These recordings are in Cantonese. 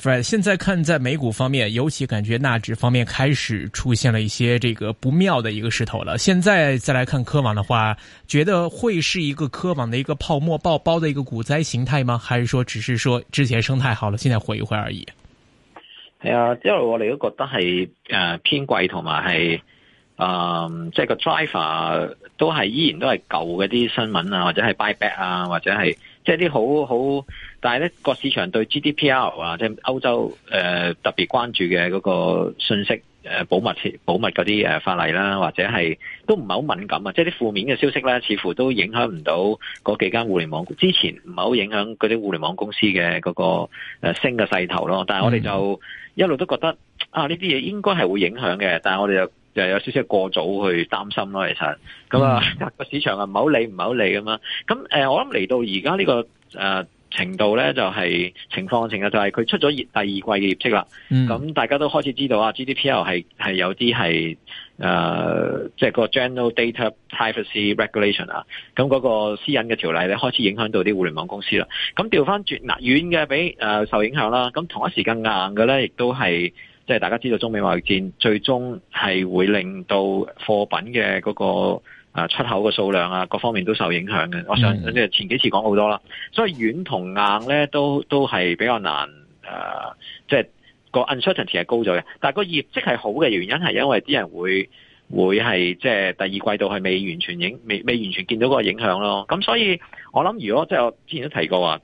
Fred, 現在看在美股方面，尤其感覺納指方面開始出現了一些這個不妙的一個勢頭了。現在再來看科網的話，覺得會是一個科網的一個泡沫爆煲的一個股災形態嗎？還是說只是說之前生態好了，現在回一回而已？係啊，因為我哋都覺得係誒、呃、偏貴，同埋係啊，即、呃、係、就是、個 driver 都係依然都係舊嗰啲新聞啊，或者係 buy back 啊，或者係即係啲好好。就是但係咧，個市場對 GDPR 啊，即係歐洲誒特別關注嘅嗰個信息誒保密、保密嗰啲誒法例啦，或者係都唔係好敏感啊，即係啲負面嘅消息咧，似乎都影響唔到嗰幾間互聯網之前唔係好影響嗰啲互聯網公司嘅嗰個誒升嘅勢頭咯。但係我哋就一路都覺得啊，呢啲嘢應該係會影響嘅，但係我哋又又有少少過早去擔心咯，其實咁啊個市場啊唔係好理，唔係好理咁樣。咁誒，我諗嚟到而家呢個誒。程度咧就係、是、情況程度就係、是、佢出咗第二季嘅業績啦。咁、嗯、大家都開始知道啊，GDPR 係係有啲係誒，即係個 General Data Privacy Regulation 啊。咁嗰個私隱嘅條例咧，開始影響到啲互聯網公司啦。咁調翻轉嗱，軟嘅俾受影響啦。咁同一時間硬嘅咧，亦都係即係大家知道中美貿易戰最終係會令到貨品嘅嗰、那個。啊！出口嘅數量啊，各方面都受影響嘅。我想即係前幾次講好多啦，所以軟同硬咧都都係比較難誒，即、呃、係、就是、個 uncertainty 係高咗嘅。但係個業績係好嘅原因係因為啲人會會係即係第二季度係未完全影未未完全見到個影響咯。咁所以我諗如果即係我之前都提過話，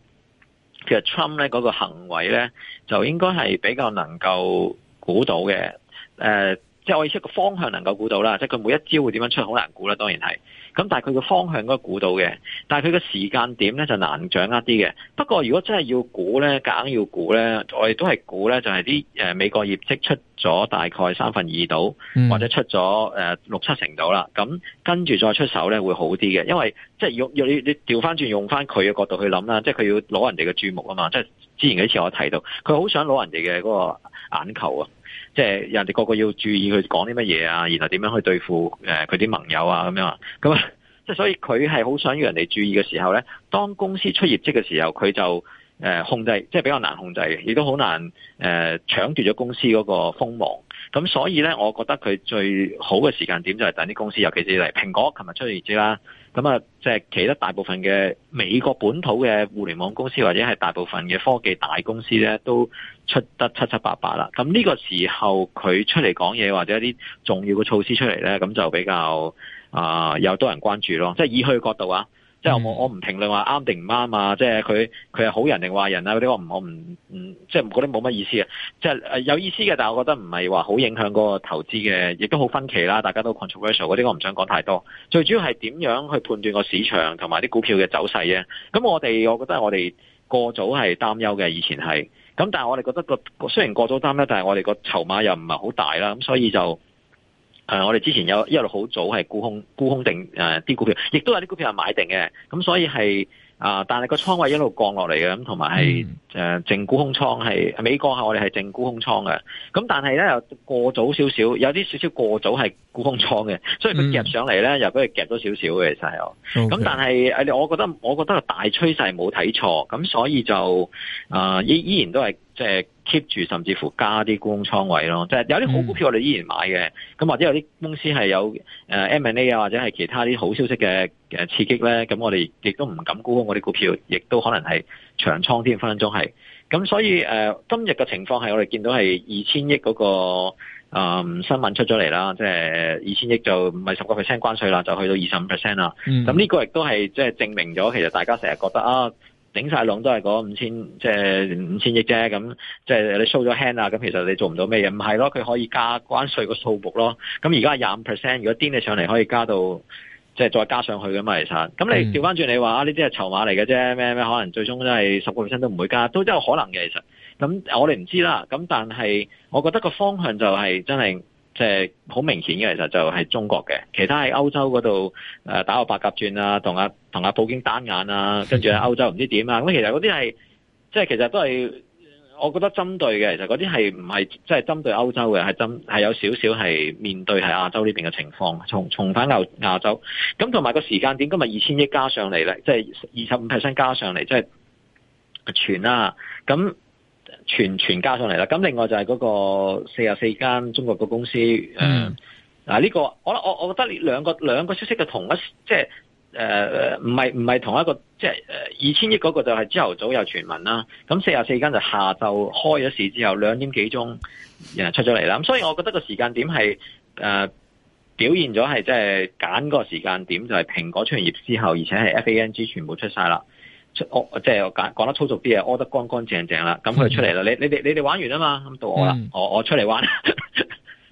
其實 Trump 咧嗰個行為咧就應該係比較能夠估到嘅誒即係我意思，個方向能夠估到啦，即係佢每一招會點樣出，好難估啦，當然係。咁但係佢嘅方向都估到嘅，但係佢嘅時間點咧就難掌握啲嘅。不過如果真係要估咧，夾硬要估咧，我哋都係估咧，就係啲誒美國業績出咗大概三分二度，或者出咗誒六七成度啦。咁跟住再出手咧會好啲嘅，因為即係要你你調翻轉用翻佢嘅角度去諗啦，即係佢要攞人哋嘅注目啊嘛，即係之前嗰次我提到，佢好想攞人哋嘅嗰個眼球啊。即係人哋個個要注意佢講啲乜嘢啊，然後點樣去對付誒佢啲盟友啊咁樣，咁啊，即係所以佢係好想要人哋注意嘅時候咧，當公司出業績嘅時候，佢就誒控制，即係比較難控制嘅，亦都好難誒、呃、搶奪咗公司嗰個鋒芒。咁所以咧，我覺得佢最好嘅時間點就係等啲公司，尤其是嚟蘋果，琴日出業績啦。咁啊，即係其他大部分嘅美國本土嘅互聯網公司，或者係大部分嘅科技大公司咧，都出得七七八八啦。咁呢個時候佢出嚟講嘢，或者一啲重要嘅措施出嚟咧，咁就比較啊、呃，有多人關注咯。即係以佢嘅角度啊。 即係我我唔評論話啱定唔啱啊，即係佢佢係好人定壞人啊。嗰啲我唔我唔唔，即係覺得冇乜意思啊。即係誒有意思嘅，但係我覺得唔係話好影響嗰個投資嘅，亦都好分歧啦。大家都 controversial 嗰啲，我唔想講太多。最主要係點樣去判斷個市場同埋啲股票嘅走勢啊？咁我哋，我覺得我哋過早係擔憂嘅，以前係。咁但係我哋覺得個雖然過早擔憂，但係我哋個籌碼又唔係好大啦，咁所以就。誒、呃，我哋之前有一路好早係沽空沽空定誒啲、呃、股票，亦都有啲股票係買定嘅，咁、嗯、所以係啊、呃，但係個倉位一路降落嚟嘅，咁同埋係誒淨沽空倉係未降下，我哋係淨沽空倉嘅，咁、嗯、但係咧又過早少少，有啲少少過早係沽空倉嘅，所以佢夾上嚟咧又俾佢夾咗少少嘅其實，咁、嗯 okay. 但係誒，我覺得我覺得個大趨勢冇睇錯，咁、嗯、所以就啊依、呃、依然都係即係。就是 keep 住甚至乎加啲沽空倉位咯，即、就、係、是、有啲好股票我哋依然買嘅，咁、嗯、或者有啲公司係有、呃、M&A 啊或者係其他啲好消息嘅刺激咧，咁我哋亦都唔敢沽空我啲股票，亦都可能係長倉添，分分鐘係。咁所以誒、呃，今日嘅情況係我哋見到係二千億嗰個、呃、新聞出咗嚟啦，即係二千億就唔係十個 percent 關稅啦，就去到二十五 percent 啦。咁呢、嗯、個亦都係即係證明咗，其實大家成日覺得啊。整晒籠都係嗰五千即係五千億啫，咁即係你 show 咗 hand 啊，咁其實你做唔到咩嘢？唔係咯，佢可以加關稅個數目咯。咁而家係廿五 percent，如果癲你上嚟可以加到即係再加上去噶嘛？其實，咁你調翻轉你話啊，呢啲係籌碼嚟嘅啫，咩咩可能最終真係十個 percent 都唔會加，都有可能嘅。其實，咁我哋唔知啦。咁但係，我覺得個方向就係真係。即係好明顯嘅，其實就係中國嘅。其他喺歐洲嗰度，誒、呃、打個八甲轉啊，同阿同阿普京單眼啊，跟住喺歐洲唔知點啊，咁其實嗰啲係即係其實都係我覺得針對嘅。其實嗰啲係唔係即係針對歐洲嘅，係針係有少少係面對係亞洲呢邊嘅情況，重重返牛亞洲。咁同埋個時間點今日二千億加上嚟咧，即係二十五 percent 加上嚟，即係全啦啊。咁。全全加上嚟啦，咁另外就係嗰個四十四間中國個公司，嗯，嗱、呃、呢、這個我我我覺得兩個兩個消息嘅同一，即係誒唔係唔係同一個，即係誒二千億嗰個就係朝頭早有傳聞啦，咁四十四間就下晝開咗市之後兩點幾鐘誒出咗嚟啦，咁所以我覺得個時間點係誒、呃、表現咗係即係揀個時間點就係、是、蘋果出完業之後，而且係 FANG 全部出晒啦。出即係講講得粗俗啲啊，屙得乾乾淨淨啦，咁佢出嚟啦，你你哋你哋玩完啊嘛，咁到我啦、嗯，我我出嚟玩，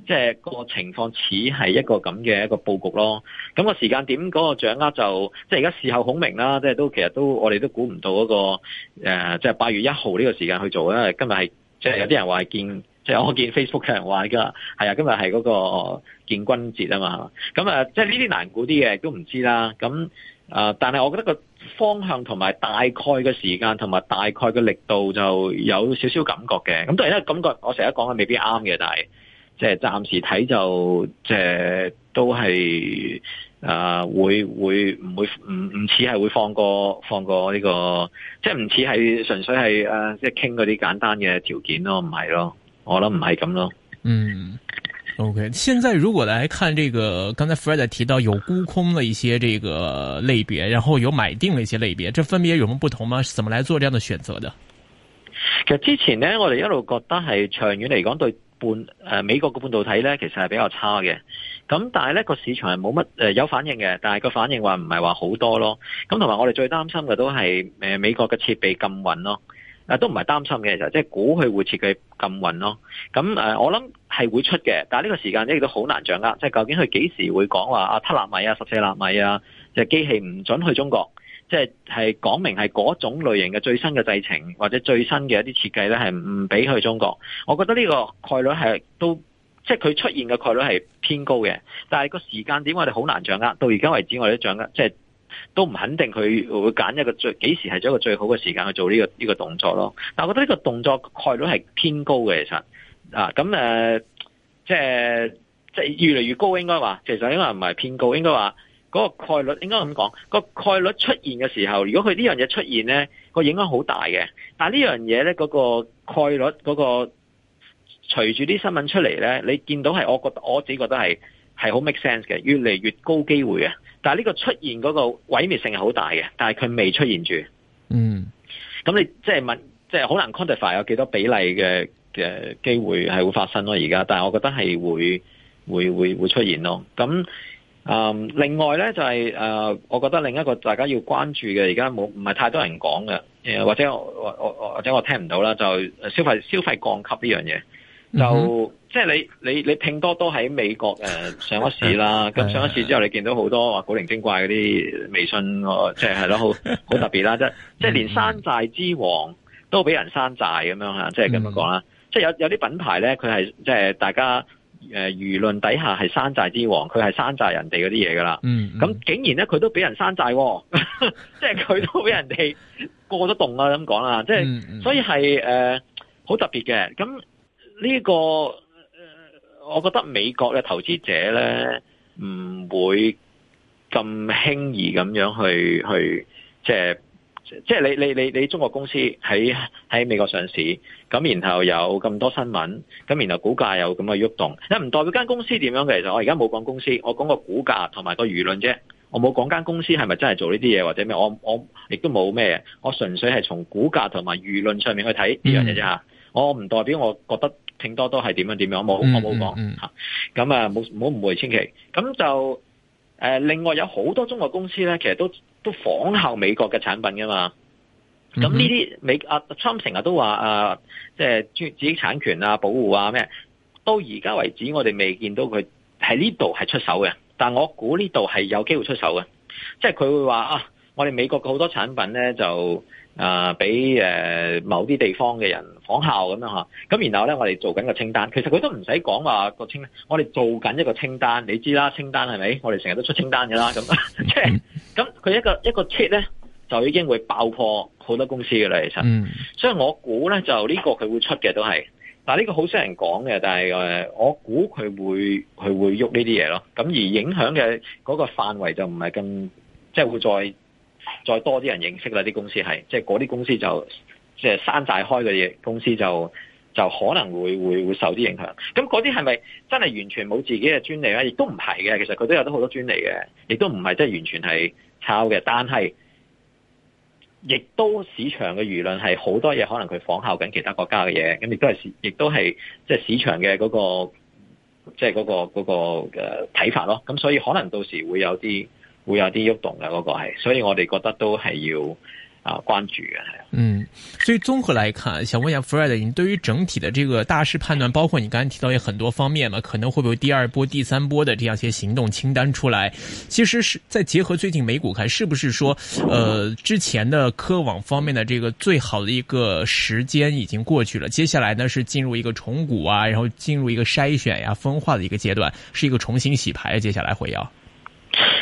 即 係個情況似係一個咁嘅一個布局咯。咁、那個時間點嗰個掌握就，即係而家事後孔明啦，即係都其實都我哋都估唔到嗰、那個誒，即係八月一號呢個時間去做啦。今日係即係有啲人話係見，即、就、係、是、我見 Facebook 嘅人話而家係啊，今日係嗰個建軍節啊嘛。咁啊，即係呢啲難估啲嘅都唔知啦。咁啊、呃，但係我覺得、那個。方向同埋大概嘅時間同埋大概嘅力度就有少少感覺嘅，咁當然咧感覺我成日講嘅未必啱嘅，但係即係暫時睇就即係都係啊，會會唔會唔唔似係會放過放過呢個，即係唔似係純粹係啊，即係傾嗰啲簡單嘅條件咯，唔係咯，我諗唔係咁咯，嗯。O.K. 現在如果來看這個，剛才 Fred 提到有沽空的一些這個類別，然後有買定的一些類別，這分別有冇不同嗎？怎麼來做這樣的選擇的？其實之前呢我哋一路覺得係長遠嚟講對半誒、呃、美國嘅半導體呢其實係比較差嘅。咁但係呢個市場係冇乜誒有反應嘅，但係個反應話唔係話好多咯。咁同埋我哋最擔心嘅都係誒美國嘅設備禁運咯。啊，都唔係擔心嘅，其實即係估佢會設計禁運咯。咁誒，我諗係會出嘅，但係呢個時間亦都好難掌握，即係究竟佢幾時會講話啊，七納米啊，十四納米啊，即係機器唔準去中國，即係係講明係嗰種類型嘅最新嘅製程或者最新嘅一啲設計咧係唔俾去中國。我覺得呢個概率係都即係佢出現嘅概率係偏高嘅，但係個時間點我哋好難掌握。到而家為止我哋都掌握即係。即係都唔肯定佢會揀一個最幾時係一個最好嘅時間去做呢個呢個動作咯。但係我覺得呢個動作概率係偏高嘅，其實啊，咁誒，即係即係越嚟越高，應該話，其實應該唔係偏高，應該話個概率應該咁講，個概率出現嘅時候，如果佢呢樣嘢出現咧，個影響好大嘅。但係呢樣嘢咧，嗰個概率嗰個隨住啲新聞出嚟咧，你見到係我覺得我自己覺得係係好 make sense 嘅，越嚟越高機會啊。但係呢個出現嗰個毀滅性係好大嘅，但係佢未出現住。嗯，咁你即係問，即係好難 quantify 有幾多比例嘅嘅機會係會發生咯。而家，但係我覺得係會會會會出現咯。咁嗯，另外咧就係、是、誒、呃，我覺得另一個大家要關注嘅，而家冇唔係太多人講嘅誒或者我，我，我或者我聽唔到啦，就消費消費降級呢樣嘢。 就即係、就是、你你你拼多多喺美國誒、呃、上咗市啦，咁上咗市之後你見到好多話古靈精怪嗰啲微信，即係係咯，好好特別啦，即係即係連山寨之王都俾人山寨咁樣吓，即係咁樣講啦。即、就、係、是、有有啲品牌咧，佢係即係大家誒輿論底下係山寨之王，佢係山寨人哋嗰啲嘢噶啦。咁 竟然咧佢都俾人山寨、啊，即係佢都俾人哋過咗洞、啊、啦。咁講啦，即係所以係誒好特別嘅咁。呢、這個，我覺得美國嘅投資者咧唔會咁輕易咁樣去去即係即係你你你你中國公司喺喺美國上市，咁然後有咁多新聞，咁然後股價有咁嘅喐動，你唔代表間公司點樣嘅？其實我而家冇講公司，我講個股價同埋個輿論啫。我冇講間公司係咪真係做呢啲嘢或者咩？我我亦都冇咩，我純粹係從股價同埋輿論上面去睇呢樣嘢啫嚇。我唔代表我覺得。拼多多係點樣點樣，冇我冇講吓，咁啊唔好誤會千祈，咁就誒、呃，另外有好多中國公司咧，其實都都仿效美國嘅產品噶嘛，咁呢啲美啊 Trump 成日都話啊，即係專知識產權啊保護啊咩，到而家為止我哋未見到佢喺呢度係出手嘅，但我估呢度係有機會出手嘅，即係佢會話啊。我哋美國嘅好多產品咧，就啊俾誒某啲地方嘅人仿效咁樣嚇，咁、啊、然後咧我哋做緊個清單，其實佢都唔使講話個清單，我哋做緊一個清單，你知啦，清單係咪？我哋成日都出清單㗎啦，咁即係咁佢一個一個 check 咧，就已經會爆破好多公司㗎啦。其實， 所以我估咧就呢個佢會出嘅都係，但係呢個好少人講嘅，但係誒、呃，我估佢會佢會喐呢啲嘢咯。咁而影響嘅嗰個範圍就唔係咁，即、就、係、是、會再。再多啲人認識啦，啲公司係即係嗰啲公司就即係、即係、山寨開嘅嘢，公司就就可能會會會受啲影響。咁嗰啲係咪真係完全冇自己嘅專利咧？亦都唔係嘅，其實佢都有得好多專利嘅，亦都唔係即係完全係抄嘅。但係亦都市場嘅輿論係好多嘢，可能佢仿效緊其他國家嘅嘢，咁亦都係亦都係即係市場嘅嗰、嗰個即係嗰個嗰、嗰個睇、嗰個、法咯。咁所以可能到時會有啲。會有啲喐動嘅嗰、那個係，所以我哋覺得都係要啊、呃、關注嘅。嗯，所以綜合來看，想問下 Fred，你對於整體的這個大勢判斷，包括你剛才提到嘅很多方面嘛，可能會不會有第二波、第三波的這樣些行動清單出來？其實是再結合最近美股，看是不是說，呃，之前的科網方面的這個最好的一個時間已經過去了，接下來呢是進入一個重估啊，然後進入一個篩選呀、啊、分化的一個階段，是一個重新洗牌，接下來會要。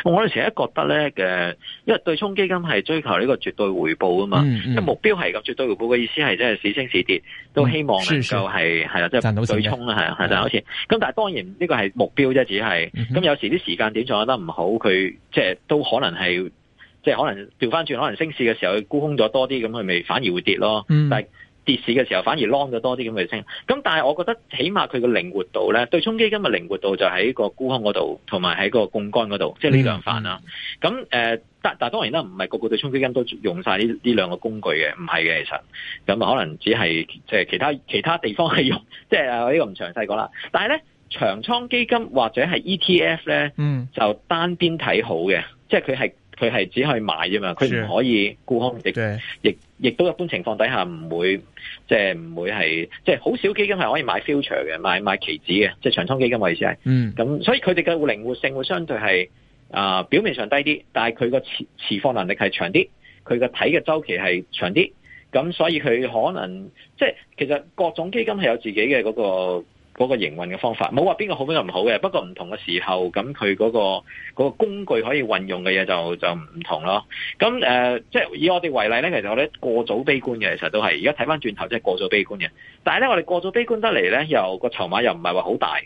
我哋成日覺得咧嘅，因為對沖基金係追求呢個絕對回報啊嘛，即係、嗯嗯、目標係咁絕對回報嘅意思係即係市升市跌都希望能夠係係啦，即係對沖啦，係啊，賺到錢，但係好似。咁但係當然呢個係目標啫，只係咁有時啲時間點做，掌握得唔好，佢即係都可能係即係可能調翻轉，可能升市嘅時候佢沽空咗多啲，咁佢咪反而會跌咯。嗯，但跌市嘅時候反而 long 咗多啲咁嘅聲，咁但係我覺得起碼佢嘅靈活度咧，對沖基金嘅靈活度就喺個沽空嗰度，同埋喺個槓桿嗰度，即係呢兩範啦。咁、嗯、誒，但但當然啦，唔係個個對沖基金都用晒呢呢兩個工具嘅，唔係嘅其實，咁可能只係即係其他其他地方係用，即係啊呢個唔詳細講啦。但係咧，長倉基金或者係 ETF 咧、嗯，就單邊睇好嘅，即係佢係佢係只可以買啫嘛，佢唔可以沽空亦亦亦都一般情況底下唔會。即係唔會係，即係好少基金係可以買 future 嘅，買買期指嘅，即係長通基金位置係，咁、嗯、所以佢哋嘅靈活性會相對係啊、呃、表面上低啲，但係佢個持持貨能力係長啲，佢個睇嘅周期係長啲，咁所以佢可能即係其實各種基金係有自己嘅嗰個。嗰個營運嘅方法，冇話邊個好，邊個唔好嘅，不過唔同嘅時候，咁佢嗰個工具可以運用嘅嘢就就唔同咯。咁誒、呃，即係以我哋為例咧，其實我哋過早悲觀嘅，其實都係而家睇翻轉頭，即係過早悲觀嘅。但係咧，我哋過早悲觀得嚟咧，又個籌碼又唔係話好大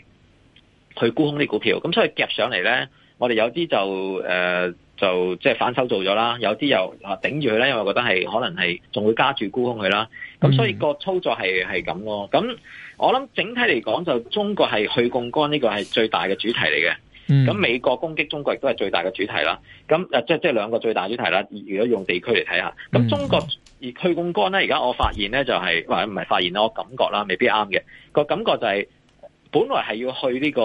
去沽空啲股票，咁所以夾上嚟咧。我哋有啲就誒、呃、就即係反手做咗啦，有啲又啊頂住佢咧，因為我覺得係可能係仲會加住沽空佢啦。咁所以個操作係係咁咯。咁、啊、我諗整體嚟講，就中國係去槓杆呢個係最大嘅主題嚟嘅。咁美國攻擊中國亦都係最大嘅主題啦。咁誒即係即係兩個最大主題啦。如果用地區嚟睇下，咁中國而去槓杆咧，而家我發現咧就係或者唔係發現啦，我感覺啦，未必啱嘅、那個感覺就係本來係要去呢個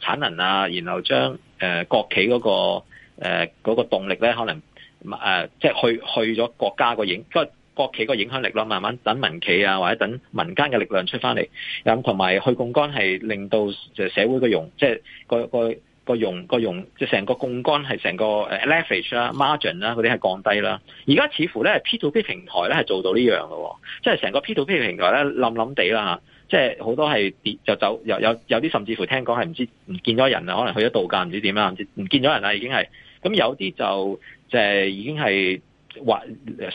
產能啊，然後將。誒、呃、國企嗰、那個誒嗰、呃那個、動力咧，可能誒、呃、即係去去咗國家個影，即係國企個影響力咯，慢慢等民企啊或者等民間嘅力量出翻嚟，咁同埋去槓桿係令到就社會嘅融即係、那個、那個、那個容、那個即成、就是、個槓桿係成個 average 啦、uh, leverage, margin 啦嗰啲係降低啦。而家似乎咧 P to P 平台咧係做到呢樣嘅，即係成個 P to P 平台咧冧冧地啦。即係好多係跌就走，有有有啲甚至乎聽講係唔知唔見咗人啊，可能去咗度假唔知點啦，唔見咗人呀，已經係，咁有啲就就係已經係還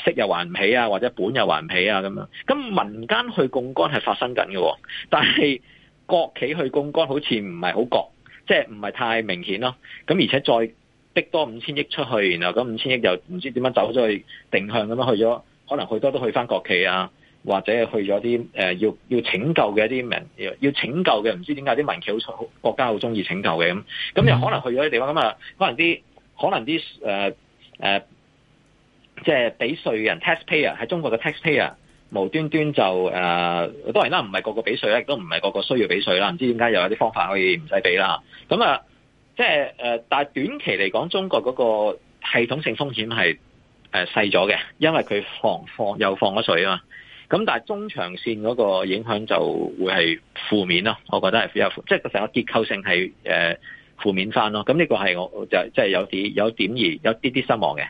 息又還唔起啊，或者本又還唔起啊咁咁民間去槓桿係發生緊嘅，但係國企去槓桿好似唔係好覺，即係唔係太明顯咯。咁而且再逼多五千億出去，然後嗰五千億又唔知點樣走咗去定向咁樣去咗，可能去多都去翻國企啊。或者係去咗啲、呃、要要拯救嘅一啲名要，要拯救嘅，唔知點解啲民企好，國家好中意拯救嘅咁，咁又可能去咗啲地方，咁啊可能啲可能啲誒誒即係俾稅人 taxpayer 喺中國嘅 taxpayer 無端端就誒、呃、當然啦，唔係個個俾稅啦，亦都唔係個個需要俾稅啦，唔知點解又有啲方法可以唔使俾啦。咁啊，即係誒，但係短期嚟講，中國嗰個系統性風險係、呃、細咗嘅，因為佢放又放咗水啊嘛。咁但係中長線嗰個影響就會係負面咯，我覺得係比較即係成個結構性係負面翻咯。咁呢個係我就即係有啲有點而有啲啲失望嘅。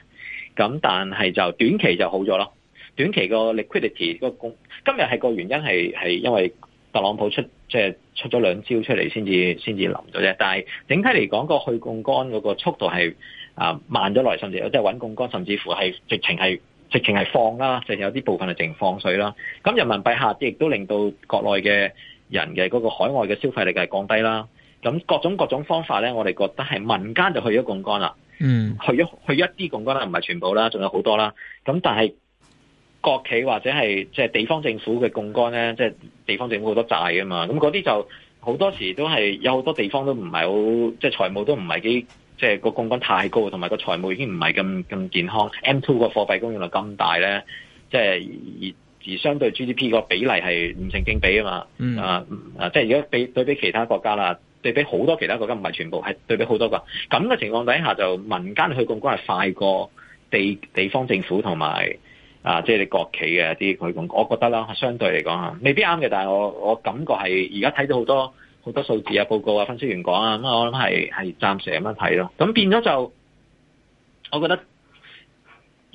咁但係就短期就好咗咯。短期個 liquidity 個供今日係個原因係係因為特朗普出即係、就是、出咗兩招出嚟先至先至臨咗啫。但係整體嚟講個去槓桿嗰個速度係啊慢咗耐，甚至即係穩槓桿，槓桿甚至乎係直情係。直情係放啦，淨係有啲部分係淨放水啦。咁人民幣下跌亦都令到國內嘅人嘅嗰個海外嘅消費力係降低啦。咁各種各種方法咧，我哋覺得係民間就去咗槓桿啦。嗯，去咗去一啲槓桿啦，唔係全部啦，仲有好多啦。咁但係國企或者係即係地方政府嘅槓桿咧，即係地方政府好多債啊嘛。咁嗰啲就好多時都係有好多地方都唔係好，即係財務都唔係幾。即、就、係、是、個槓桿太高，同埋個財務已經唔係咁咁健康。M2 個貨幣供應率咁大咧，即係而而相對 GDP 個比例係唔成正比啊嘛。啊、嗯、啊，即係而家比對比其他國家啦，對比好多其他國家唔係全部係對比好多個咁嘅情況底下，就民間去槓桿係快過地地方政府同埋啊，即係你國企嘅一啲去槓，我覺得啦，相對嚟講啊，未必啱嘅，但係我我感覺係而家睇到好多。好多數字啊、報告啊、分析員講啊，咁我諗係係暫時咁樣睇咯。咁變咗就，我覺得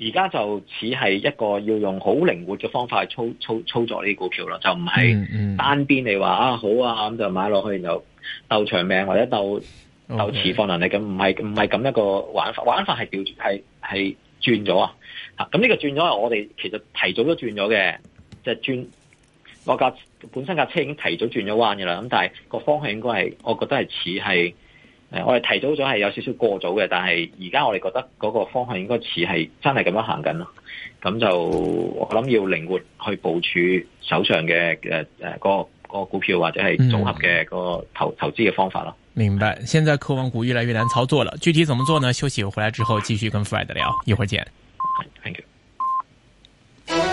而家就似係一個要用好靈活嘅方法去操操操作呢啲股票咯，就唔係單邊你話、mm -hmm. 啊好啊咁就買落去然後鬥長命或者鬥鬥持貨能力咁，唔係唔係咁一個玩法玩法係掉係係轉咗啊！嚇咁呢個轉咗，我哋其實提早都轉咗嘅，即、係、轉我個。本身架車已經提早轉咗彎嘅啦，咁但係個方向應該係，我覺得係似係，誒我哋提早咗係有少少過早嘅，但係而家我哋覺得嗰個方向應該似係真係咁樣行緊咯，咁就我諗要靈活去部署手上嘅誒誒個、那個股票或者係綜合嘅個投、嗯、投資嘅方法咯。明白。現在科網股越來越難操作了，具體怎麼做呢？休息我回來之後繼續跟 Fred 聊，一會兒見。Thank you。